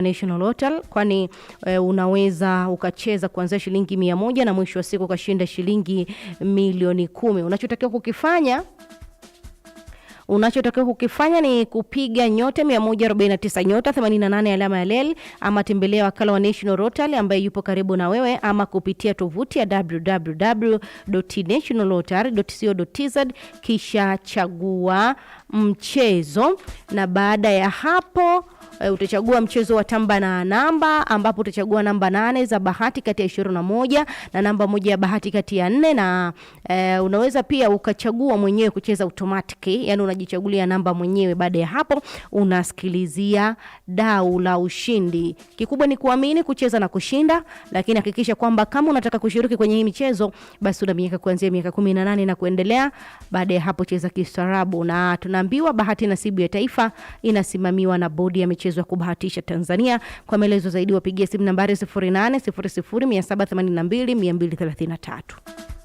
National Hotel kwani e, unaweza ukacheza kuanzia shilingi mia moja na mwisho wa siku ukashinda shilingi milioni kumi. Unachotakiwa kukifanya unachotakiwa kukifanya ni kupiga nyota 149 nyota 88 alama ya lel ama tembelea wakala wa National Rotary ambaye yupo karibu na wewe ama kupitia tovuti ya www.nationalrotary.co.tz kisha chagua mchezo, na baada ya hapo uh, utachagua mchezo wa tamba na namba ambapo utachagua namba nane za bahati kati ya ishirini na moja na namba moja ya bahati kati ya nne na uh, unaweza pia ukachagua mwenyewe kucheza automatic, yani unajichagulia namba mwenyewe. Baada ya hapo unasikilizia dau la ushindi. Kikubwa ni kuamini, kucheza na kushinda, lakini hakikisha kwamba kama unataka kushiriki kwenye hii michezo basi una miaka kuanzia miaka 18 na kuendelea. Baada ya hapo cheza kistaarabu, na tunaambiwa bahati nasibu ya taifa inasimamiwa na bodi ya michezo mchezo wa kubahatisha Tanzania. Kwa maelezo zaidi wapigie simu nambari 0800 782 233.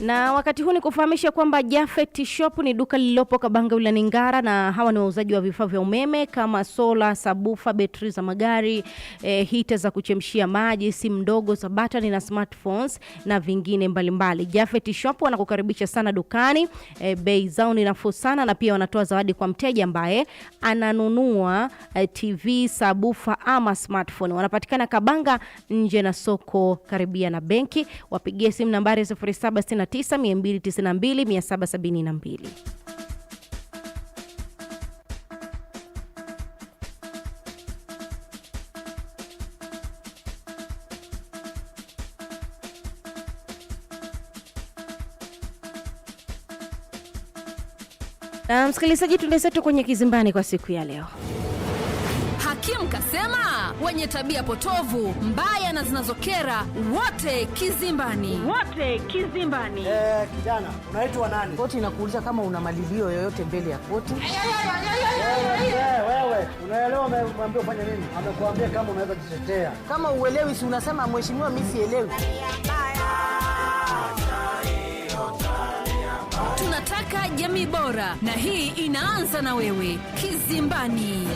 Na wakati huu ni kufahamisha kwamba Jafet Shop ni duka lililopo Kabanga wilayani Ngara, na hawa ni wauzaji wa vifaa vya umeme kama sola, sabufa, betri za magari, e, hita za kuchemshia maji, simu ndogo za battery na smartphones na vingine mbalimbali. Jafet Shop wanakukaribisha sana dukani e, bei zao ni nafuu sana na pia wanatoa zawadi kwa mteja ambaye ananunua e, TV, sabufa ama smartphone. Wanapatikana Kabanga nje na soko karibia na benki. Wapigie simu nambari 0769292772. msikilizaji, tuende zetu kwenye kizimbani kwa siku ya leo. Hakimu kasema wenye tabia potovu mbaya na zinazokera wote kizimbani, wote kizimbani. Eh, kijana unaitwa nani? Koti inakuuliza kama una malilio yoyote mbele ya koti. Wewe unaelewa ameambiwa fanya nini? Amekuambia kama unaweza kujitetea. Kama uelewi, si unasema mheshimiwa, mimi sielewi. Tunataka jamii bora, na hii inaanza na wewe. Kizimbani.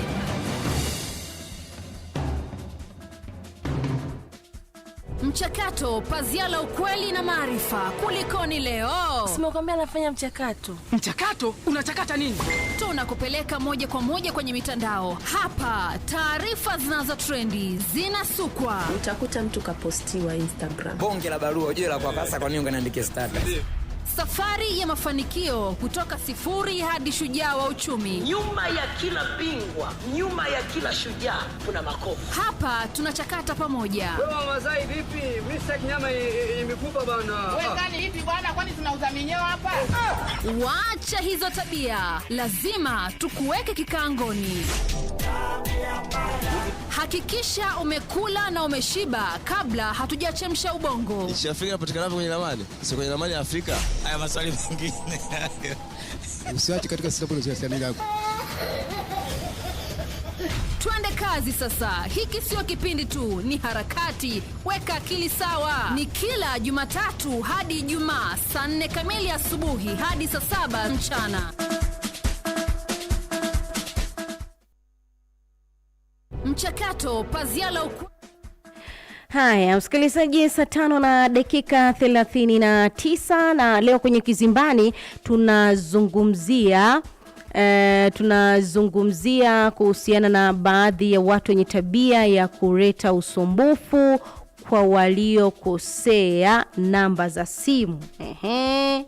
Mchakato, pazia la ukweli na maarifa. Kulikoni leo? Simekwambia anafanya mchakato. Mchakato unachakata nini? Tunakupeleka moja kwa moja kwenye mitandao. Hapa taarifa zinazo trendi zinasukwa. Utakuta mtu kapostiwa Instagram, bonge la barua ujue la kwa kasa kwa nini unganiandikia status Safari ya mafanikio kutoka sifuri hadi shujaa wa uchumi. Nyuma ya kila pingwa nyuma ya kila shujaa kuna makofu Hapa tunachakata pamoja. Wewe vipi? nyama bana. wezani vipi bwana? Kwani tunauza hapa? Waacha hizo tabia, lazima tukuweke kikangoni. Hakikisha umekula na umeshiba kabla hatujachemsha ubongo. Nchi ya Afrika inapatikanavyo kwenye ramani, sio kwenye ramani ya Afrika. Haya maswali mengine usiache katika silabuloziasamiga yako Twende kazi sasa. Hiki sio kipindi tu, ni harakati. Weka akili sawa. Ni kila Jumatatu hadi Ijumaa saa nne kamili asubuhi hadi saa saba mchana. mchakato pazia la Haya, msikilizaji, saa tano na dakika 39 na na leo kwenye Kizimbani tunazungumzia E, tunazungumzia kuhusiana na baadhi ya watu wenye tabia ya kuleta usumbufu kwa waliokosea namba za simu. Ehe.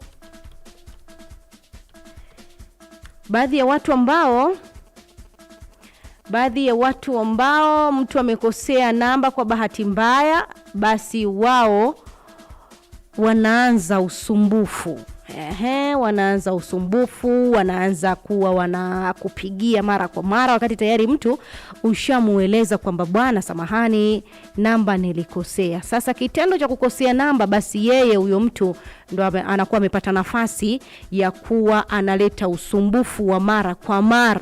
Baadhi ya watu ambao baadhi ya watu ambao mtu amekosea namba kwa bahati mbaya, basi wao wanaanza usumbufu. Ehe, wanaanza usumbufu, wanaanza kuwa wanakupigia mara kwa mara, wakati tayari mtu ushamueleza kwamba bwana, samahani, namba nilikosea. Sasa kitendo cha kukosea namba, basi yeye huyo mtu ndo anakuwa amepata nafasi ya kuwa analeta usumbufu wa mara kwa mara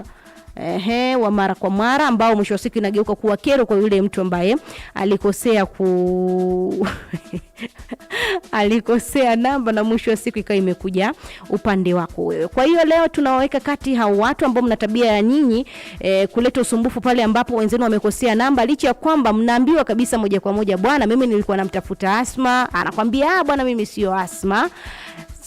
ehe, wa mara kwa mara ambao mwisho wa siku inageuka kuwa kero kwa yule mtu ambaye alikosea ku alikosea namba na mwisho wa siku ikawa imekuja upande wako wewe. Kwa hiyo leo tunawaweka kati hao watu ambao mna tabia ya nyinyi e, kuleta usumbufu pale ambapo wenzenu wamekosea namba, licha ya kwamba mnaambiwa kabisa moja kwa moja, bwana, mimi nilikuwa namtafuta Asma, anakwambia ah, bwana, mimi sio Asma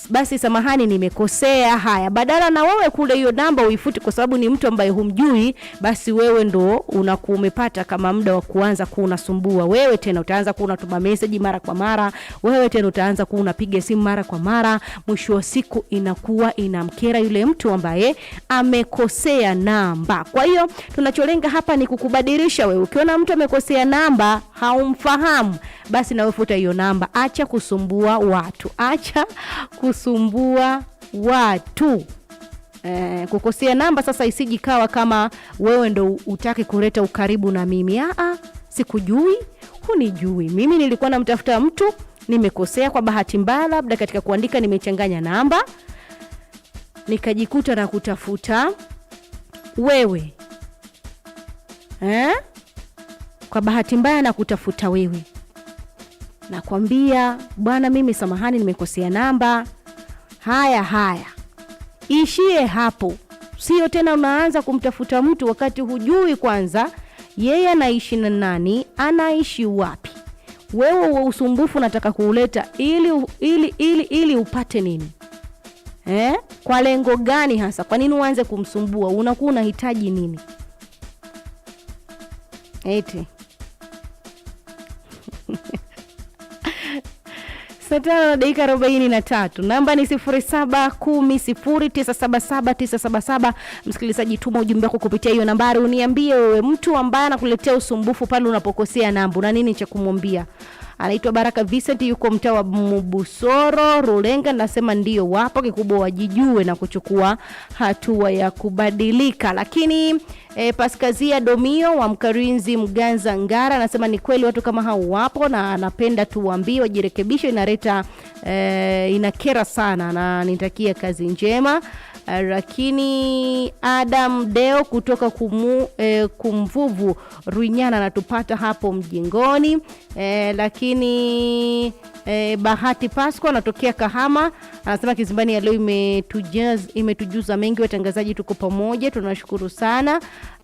basi samahani, nimekosea. Haya, badala na wewe kule hiyo namba uifute kwa sababu ni mtu ambaye humjui, basi wewe ndo unakuwa umepata kama muda wa kuanza kuwa unasumbua. Wewe tena utaanza kuwa unatuma message mara kwa mara, wewe tena utaanza kuwa unapiga simu mara kwa mara. Mwisho wa siku inakuwa inamkera yule mtu ambaye amekosea namba. Kwa hiyo tunacholenga hapa ni kukubadilisha wewe. Ukiona mtu amekosea namba haumfahamu, basi na wewe futa hiyo namba, acha kusumbua watu, acha kus kusumbua watu. Eh, kukosea namba sasa isijikawa kama wewe ndo utaki kuleta ukaribu na mimi. Aa, sikujui, hunijui mimi. Nilikuwa namtafuta mtu, nimekosea kwa bahati mbaya, labda katika kuandika nimechanganya namba, nikajikuta na kutafuta wewe eh? Kwa bahati mbaya na kutafuta wewe, nakwambia bwana, mimi samahani, nimekosea namba Haya haya, ishie hapo, sio tena unaanza kumtafuta mtu wakati hujui kwanza yeye anaishi na nani, anaishi wapi. Wewe wa usumbufu nataka kuuleta ili, ili, ili, ili upate nini eh? Kwa lengo gani hasa? Kwa nini uanze kumsumbua? Unakuwa unahitaji nini eti saa tano na dakika arobaini na tatu. Namba ni sifuri saba kumi sifuri tisa saba saba tisa saba saba. Msikilizaji, tuma ujumbe wako kupitia hiyo nambari, uniambie wewe mtu ambaye anakuletea usumbufu pale unapokosea namba, na nini cha kumwambia? anaitwa Baraka Vincent, yuko mtaa wa Mubusoro Rulenga, nasema ndio wapo, kikubwa wajijue na kuchukua hatua ya kubadilika. Lakini e, Paskazia Domio wa Mkarinzi Mganza Ngara anasema ni kweli watu kama hao wapo, na anapenda tuwaambie wajirekebishe, inaleta e, inakera sana, na nitakia kazi njema. Eh, lakini Adam Deo kutoka kumu, e, Kumvuvu Ruinyana anatupata hapo mjingoni e, lakini e, Bahati Pasco anatokea Kahama anasema Kizimbani ya leo imetujuza mengi, watangazaji, tuko pamoja, tunashukuru sana.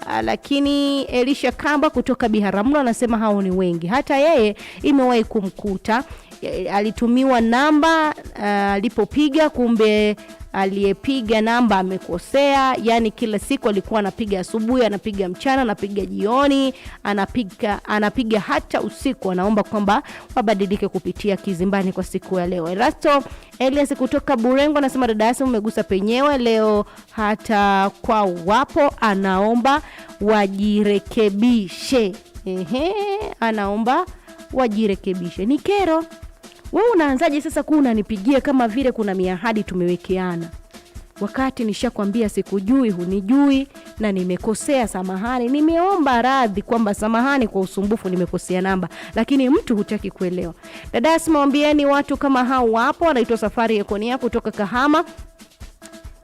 Ah, lakini Elisha Kamba kutoka Biharamulo anasema hao ni wengi, hata yeye imewahi kumkuta Eh, alitumiwa namba eh, alipopiga, uh, kumbe aliyepiga namba amekosea. Yani kila siku alikuwa anapiga asubuhi, anapiga mchana, anapiga jioni, anapiga anapiga hata usiku. Anaomba kwamba wabadilike kupitia Kizimbani kwa siku ya leo. Erasto Elias kutoka Burengo anasema dada Asam umegusa penyewe leo, hata kwa wapo anaomba wajirekebishe. Ehe, anaomba wajirekebishe, ni kero wewe unaanzaje sasa kuwa unanipigia kama vile kuna miahadi tumewekeana, wakati nishakwambia sikujui, hunijui na nimekosea, samahani, nimeomba radhi kwamba samahani kwa usumbufu, nimekosea namba, lakini mtu hutaki kuelewa. Dada simwambieni watu kama hao wapo. Anaitwa Safari yakonia kutoka Kahama,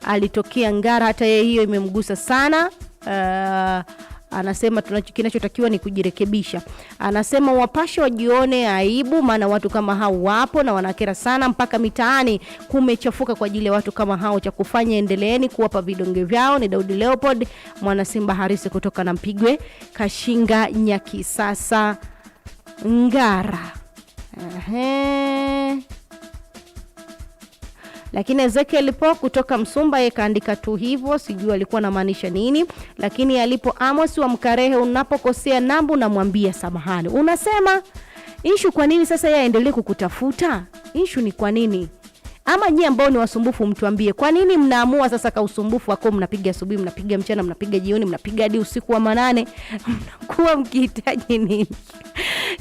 alitokea Ngara, hata yeye hiyo imemgusa sana uh, Anasema kinachotakiwa ni kujirekebisha. Anasema wapashe wajione aibu, maana watu kama hao wapo na wanakera sana, mpaka mitaani kumechafuka kwa ajili ya watu kama hao. Cha kufanya endeleeni kuwapa vidonge vyao. Ni Daudi Leopold mwana Simba Harisi kutoka na Mpigwe Kashinga Nyakisasa Ngara. Ehe. Lakini Ezekiel Po kutoka Msumba yeye kaandika tu hivyo, sijui alikuwa anamaanisha nini. Lakini alipo Amos wa Mkarehe, unapokosea Nambu namwambia samahani. Unasema ishu, kwa nini sasa yeye aendelee kukutafuta? Ishu ni kwa nini ama nyie ambao ni wasumbufu mtuambie, kwa nini mnaamua sasa ka usumbufu wako, mnapiga asubuhi, mnapiga mchana, mnapiga jioni, mnapiga hadi usiku wa manane, mnakuwa mkihitaji nini?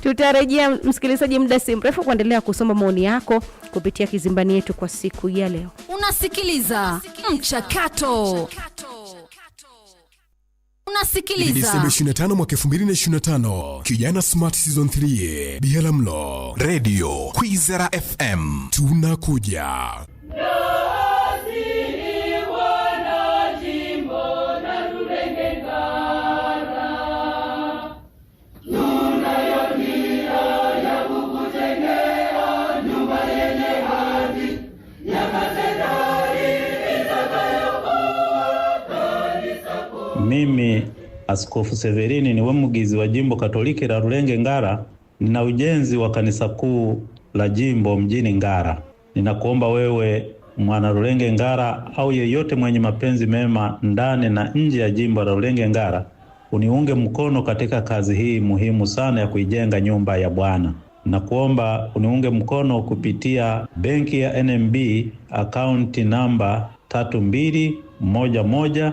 Tutarejea msikilizaji, muda si mrefu kuendelea kusoma maoni yako kupitia kizimbani yetu kwa siku ya leo. Unasikiliza Mchakato. Unasikiliza. 25 mwaka 2025, Kijana Smart Season 3, mlo Radio Kwizera FM tunakuja. No! Mimi Askofu Severini ni Wemugizi wa jimbo Katoliki la Rulenge Ngara, nina ujenzi wa kanisa kuu la jimbo mjini Ngara. Ninakuomba wewe mwana Rulenge Ngara au yeyote mwenye mapenzi mema ndani na nje ya jimbo la Rulenge Ngara uniunge mkono katika kazi hii muhimu sana ya kuijenga nyumba ya Bwana. Nakuomba uniunge mkono kupitia benki ya NMB akaunti namba 3211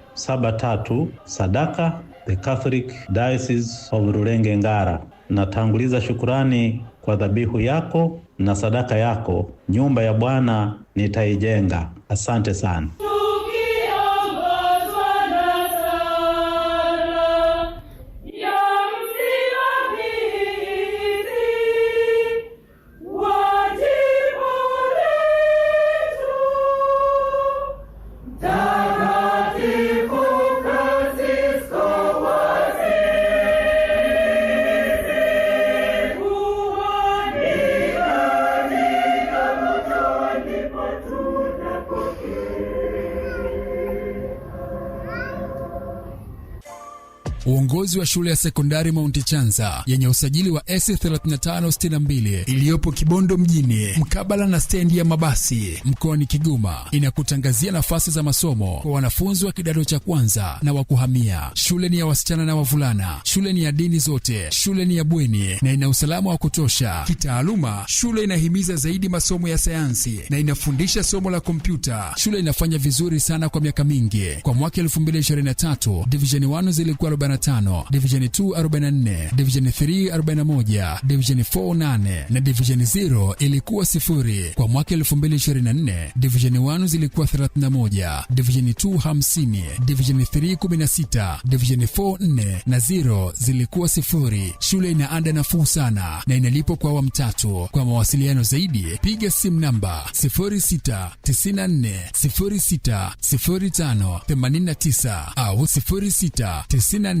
tatu Sadaka The Catholic Diocese of Rulenge Ngara. Natanguliza shukurani kwa dhabihu yako na sadaka yako. Nyumba ya Bwana nitaijenga. Asante sana. uongozi wa shule ya sekondari Mount Chanza yenye usajili wa S3562 iliyopo Kibondo mjini mkabala na stendi ya mabasi mkoani Kigoma inakutangazia nafasi za masomo kwa wanafunzi wa kidato cha kwanza na wa kuhamia. Shule ni ya wasichana na wavulana, shule ni ya dini zote, shule ni ya bweni na ina usalama wa kutosha. Kitaaluma, shule inahimiza zaidi masomo ya sayansi na inafundisha somo la kompyuta. Shule inafanya vizuri sana kwa miaka mingi. Kwa mwaka 2023 division 1 zilikuwa 45, Division 2 44, Division 3 41, Division 4 8 na Division 0 ilikuwa sifuri. Kwa mwaka 2024 Division 1 zilikuwa 31, Division 2 50, Division 3 16, Division 4 4 na 0 zilikuwa sifuri. Shule ina ada nafuu sana na inalipo kwa awamu tatu. Kwa mawasiliano zaidi piga simu namba 0694 0694060589 au 0694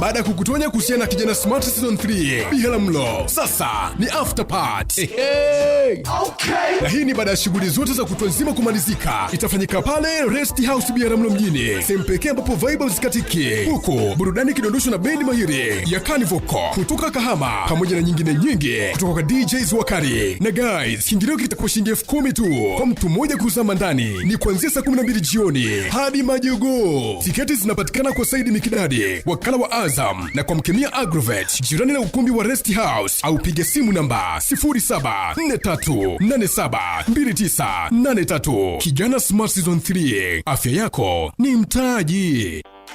Baada ya kukutonya kuhusiana na kijana smart season 3 mlo, sasa ni after part. Hey, okay. Na hii ni baada ya shughuli zote za kutwa nzima kumalizika, itafanyika pale Rest House mlo mjini, sehemu pekee ambapo vibes katiki, huku burudani kidondoshwa na bendi mahiri ya Kanivoko kutoka Kahama pamoja na nyingine nyingi kutoka kwa DJs wakari Na guys, kiingilio kitakuwa shilingi elfu kumi tu kwa mtu mmoja kuzama ndani, ni kuanzia saa 12 jioni hadi majogoo. Tiketi tunapatikana kwa Saidi Mikidadi, wakala wa Azam na kwa Mkemia Agrovet, jirani na ukumbi wa Rest House, au piga simu namba 0743872983. Kijana Smart Season 3, afya yako ni mtaji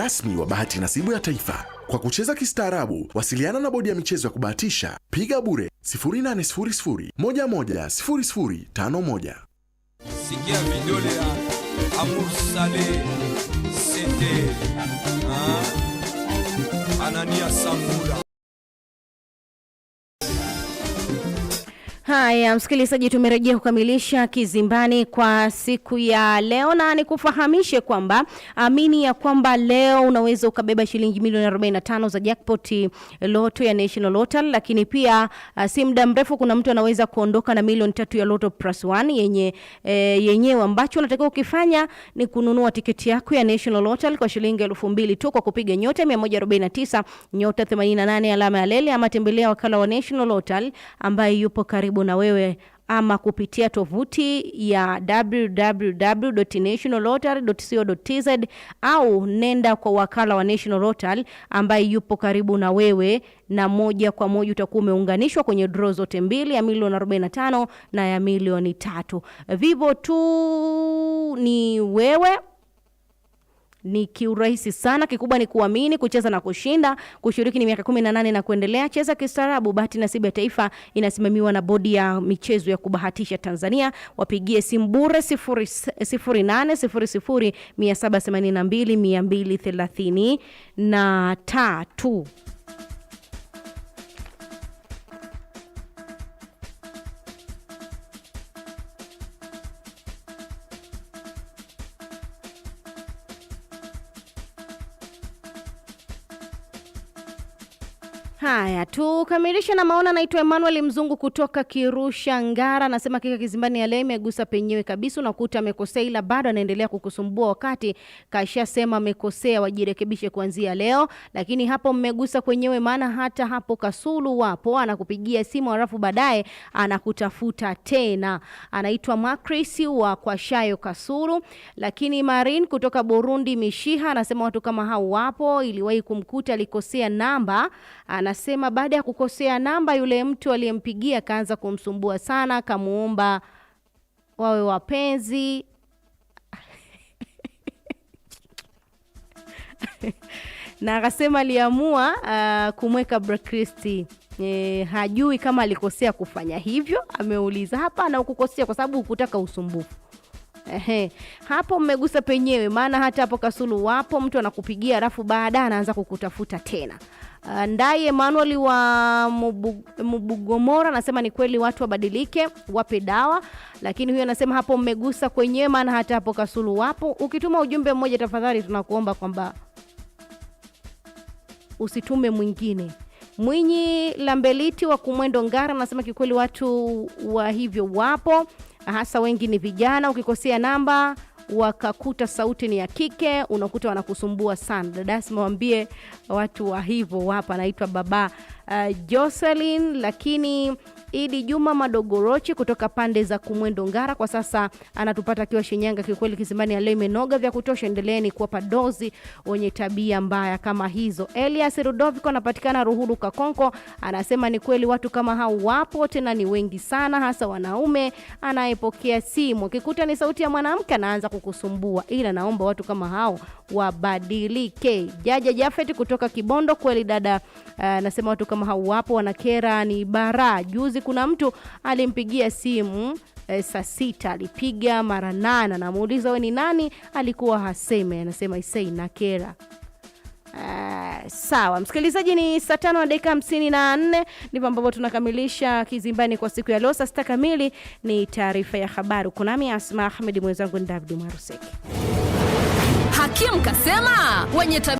rasmi wa bahati nasibu ya taifa kwa kucheza kistaarabu, wasiliana na bodi ya michezo ya kubahatisha, piga bure 0800 11 0051. Sikia Samula. Haya msikilizaji, tumerejea kukamilisha Kizimbani kwa siku ya leo, na nikufahamishe kwamba ah, amini ya kwamba leo unaweza ukabeba shilingi milioni 45 za jackpot eh, loto ya National Lottery, lakini pia uh, si muda mrefu kuna mtu anaweza kuondoka na milioni tatu ya Lotto Plus One yenye e, yenyewe. Ambacho unatakiwa ukifanya ni kununua tiketi yako ya National Lottery kwa shilingi elfu mbili tu kwa kupiga nyota 149 nyota 88 alama ya lele, ama tembelea wakala wa National Lottery ambaye yupo karibu karibu na wewe ama kupitia tovuti ya www.nationallottery.co.tz au nenda kwa wakala wa National Lottery ambaye yupo karibu na wewe, na moja kwa moja utakuwa umeunganishwa kwenye draw zote mbili, ya milioni 45 na ya milioni tatu. Vivyo tu ni wewe ni kiurahisi sana. Kikubwa ni kuamini, kucheza na kushinda. Kushiriki ni miaka 18 na kuendelea. Cheza kistaarabu. Bahati nasibu ya taifa inasimamiwa na bodi ya michezo ya kubahatisha Tanzania. Wapigie simu bure 0800 782 233. Haya, tukamilishe na maona. Naitwa Emmanuel Mzungu kutoka Kirusha Ngara, anasema kika kizimbani ya leo imegusa penyewe kabisa. Unakuta amekosea, ila bado anaendelea kukusumbua wakati kashasema amekosea, wajirekebishe kuanzia leo. Lakini hapo mmegusa kwenyewe, maana hata hapo Kasulu wapo, anakupigia simu alafu baadaye anakutafuta tena. Anaitwa Macris wa kwa shayo Kasulu. Lakini Marin kutoka Burundi Mishiha anasema watu kama hao wapo, iliwahi kumkuta alikosea namba Anasema baada ya kukosea namba, yule mtu aliyempigia akaanza kumsumbua sana, akamuomba wawe wapenzi na akasema aliamua uh, kumweka Bra E, hajui kama alikosea kufanya hivyo, ameuliza. Hapana, ukukosea kwa sababu hukutaka usumbufu. Ehe, hapo mmegusa penyewe, maana hata hapo Kasulu wapo, mtu anakupigia alafu baadaye anaanza kukutafuta tena. Uh, ndaye Ndai Emmanuel wa Mubugomora anasema ni kweli watu wabadilike, wape dawa. Lakini huyo anasema hapo mmegusa kwenyewe, maana hata hapo Kasulu wapo. Ukituma ujumbe mmoja, tafadhali tunakuomba kwamba usitume mwingine. Mwinyi Lambeliti wa Kumwendo Ngara anasema kikweli watu wa hivyo wapo, hasa wengi ni vijana. Ukikosea namba wakakuta sauti ni ya kike, unakuta wanakusumbua sana dada. Asma, waambie watu wa hivyo hapa, anaitwa baba uh, Jocelyn lakini Idi Juma Madogorochi kutoka pande za Kumwendo Ngara, kwa sasa anatupata akiwa Shinyanga. Kikweli kizimbani leo imenoga vya kutosha, endeleeni kuwapa dozi wenye tabia mbaya kama hizo. Elias Rudoviko anapatikana Ruhuru Kakonko, anasema ni kweli watu kama hao wapo, tena ni wengi sana, hasa wanaume. Anayepokea simu akikuta ni sauti ya mwanamke anaanza kukusumbua, ila naomba watu kama hao wabadilike. Jaja Jafet kutoka Kibondo, kweli dada, eh, anasema uh, watu kama hao wapo, wanakera ni bara juzi juzi kuna mtu alimpigia simu e, saa sita alipiga mara nane, namuuliza we ni nani, alikuwa haseme, anasema isei na kera. Uh, eh, sawa msikilizaji, ni saa tano na dakika hamsini na nne ndipo ambapo tunakamilisha Kizimbani kwa siku ya leo. Saa sita kamili ni taarifa ya habari, uko nami Asma Ahmed, mwenzangu ni David Maruseki. Hakim kasema wenye